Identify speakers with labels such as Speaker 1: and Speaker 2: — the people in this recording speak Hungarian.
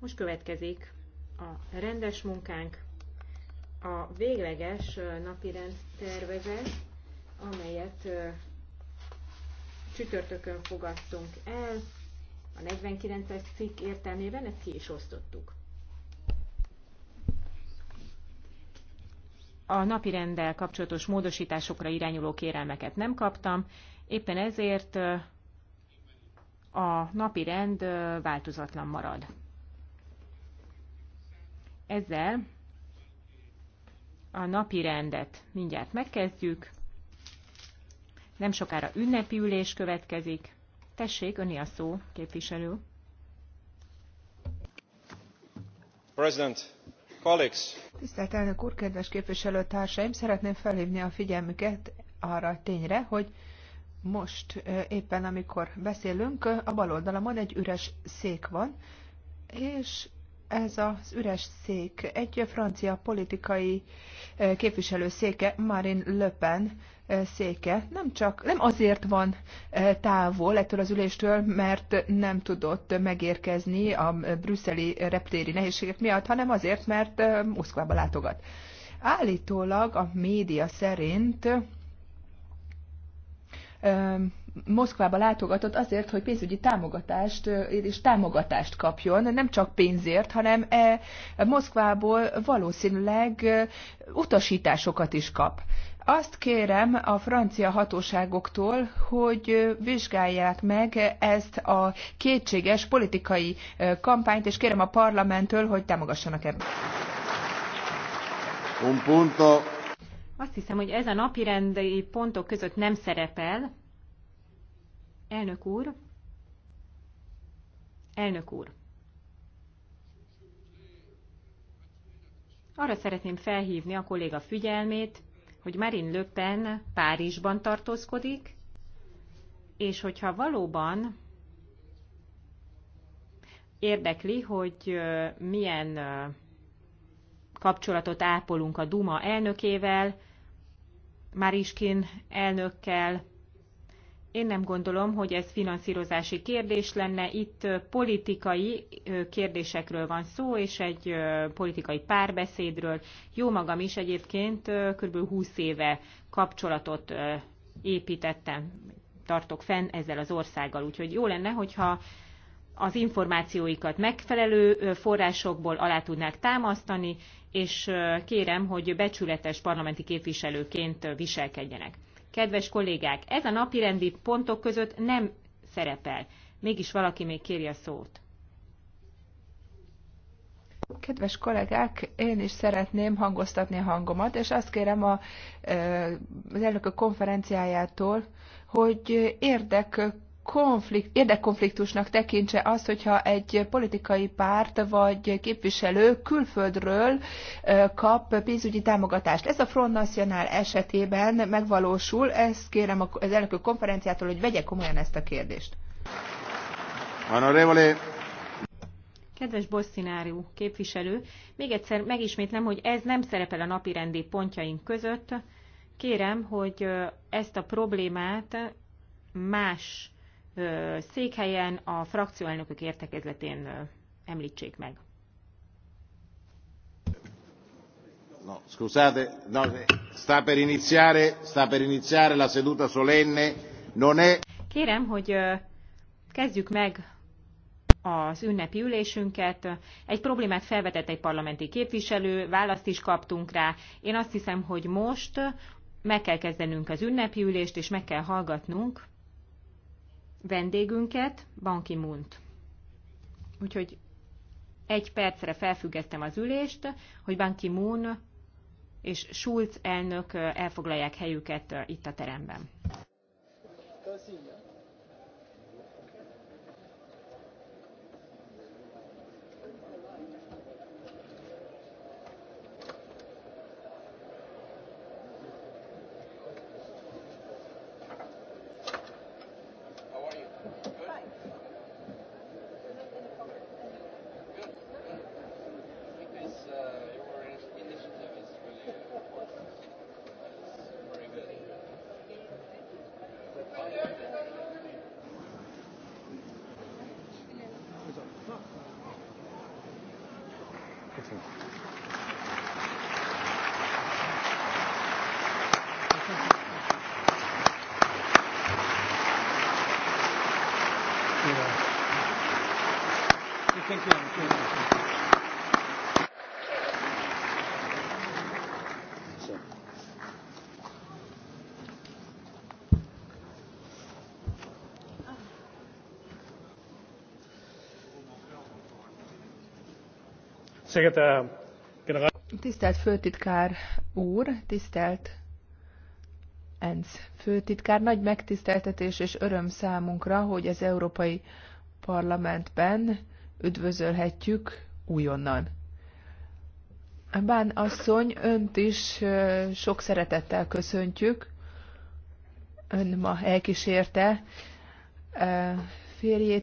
Speaker 1: Most következik a rendes munkánk, a végleges napirend tervezet, amelyet csütörtökön fogadtunk el, a 49-es cikk értelmében ezt ki is osztottuk. A napi rendel kapcsolatos módosításokra irányuló kérelmeket nem kaptam, éppen ezért a napi rend változatlan marad. Ezzel a napi rendet mindjárt megkezdjük. Nem sokára ünnepi ülés következik. Tessék, öni a
Speaker 2: szó, képviselő.
Speaker 1: President, colleagues.
Speaker 2: Tisztelt elnök úr, kedves képviselőtársaim! Szeretném felhívni a figyelmüket arra a tényre, hogy most éppen amikor beszélünk, a bal oldalamon egy üres szék van, és ez az üres szék egy francia politikai képviselő széke, Marine Le Pen széke, nem csak, nem azért van távol ettől az üléstől, mert nem tudott megérkezni a brüsszeli reptéri nehézségek miatt, hanem azért, mert Moszkvába látogat. Állítólag a média szerint Moszkvába látogatott azért, hogy pénzügyi támogatást és támogatást kapjon, nem csak pénzért, hanem e, Moszkvából valószínűleg utasításokat is kap. Azt kérem a francia hatóságoktól, hogy vizsgálják meg ezt a kétséges politikai kampányt, és kérem a parlamenttől, hogy támogassanak ebben.
Speaker 1: Azt hiszem, hogy ez a napirendi pontok között nem szerepel, Elnök úr! Elnök úr! Arra szeretném felhívni a kolléga figyelmét, hogy Marine Le Pen Párizsban tartózkodik, és hogyha valóban érdekli, hogy milyen kapcsolatot ápolunk a Duma elnökével, Mariskin elnökkel, én nem gondolom, hogy ez finanszírozási kérdés lenne. Itt politikai kérdésekről van szó, és egy politikai párbeszédről. Jó magam is egyébként kb. 20 éve kapcsolatot építettem, tartok fenn ezzel az országgal. Úgyhogy jó lenne, hogyha az információikat megfelelő forrásokból alá tudnák támasztani, és kérem, hogy becsületes parlamenti képviselőként viselkedjenek. Kedves kollégák, ez a napirendi pontok között nem szerepel. Mégis valaki még kéri a szót.
Speaker 2: Kedves kollégák, én is szeretném hangoztatni a hangomat, és azt kérem a, az elnökök konferenciájától, hogy érdek konflikt, érdekkonfliktusnak tekintse azt, hogyha egy politikai párt vagy képviselő külföldről kap pénzügyi támogatást. Ez a Front National esetében megvalósul, ezt kérem az elnökök konferenciától, hogy vegye komolyan ezt a kérdést.
Speaker 1: Honorevole
Speaker 2: Kedves Bosszináriú képviselő, még
Speaker 1: egyszer megismétlem, hogy ez nem szerepel a napirendi pontjaink között. Kérem, hogy ezt a problémát más székhelyen a frakcióelnökök értekezletén említsék meg. No, scusate, no, sta per iniziare, sta per iniziare la seduta solenne, non è... Kérem, hogy kezdjük meg az ünnepi ülésünket. Egy problémát felvetett egy parlamenti képviselő, választ is kaptunk rá. Én azt hiszem, hogy most meg kell kezdenünk az ünnepi ülést, és meg kell hallgatnunk vendégünket, Banki Munt. Úgyhogy egy percre felfüggesztem az ülést, hogy Banki Ki-moon és Schulz elnök eh, elfoglalják helyüket eh, itt a teremben. Köszönöm. think. Thank you. Thank you. Thank you.
Speaker 2: Tisztelt Főtitkár úr, tisztelt ENSZ Főtitkár, nagy megtiszteltetés és öröm számunkra, hogy az Európai Parlamentben üdvözölhetjük újonnan. Bán asszony, önt is sok szeretettel köszöntjük. Ön ma elkísérte férjét.